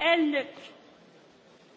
Elle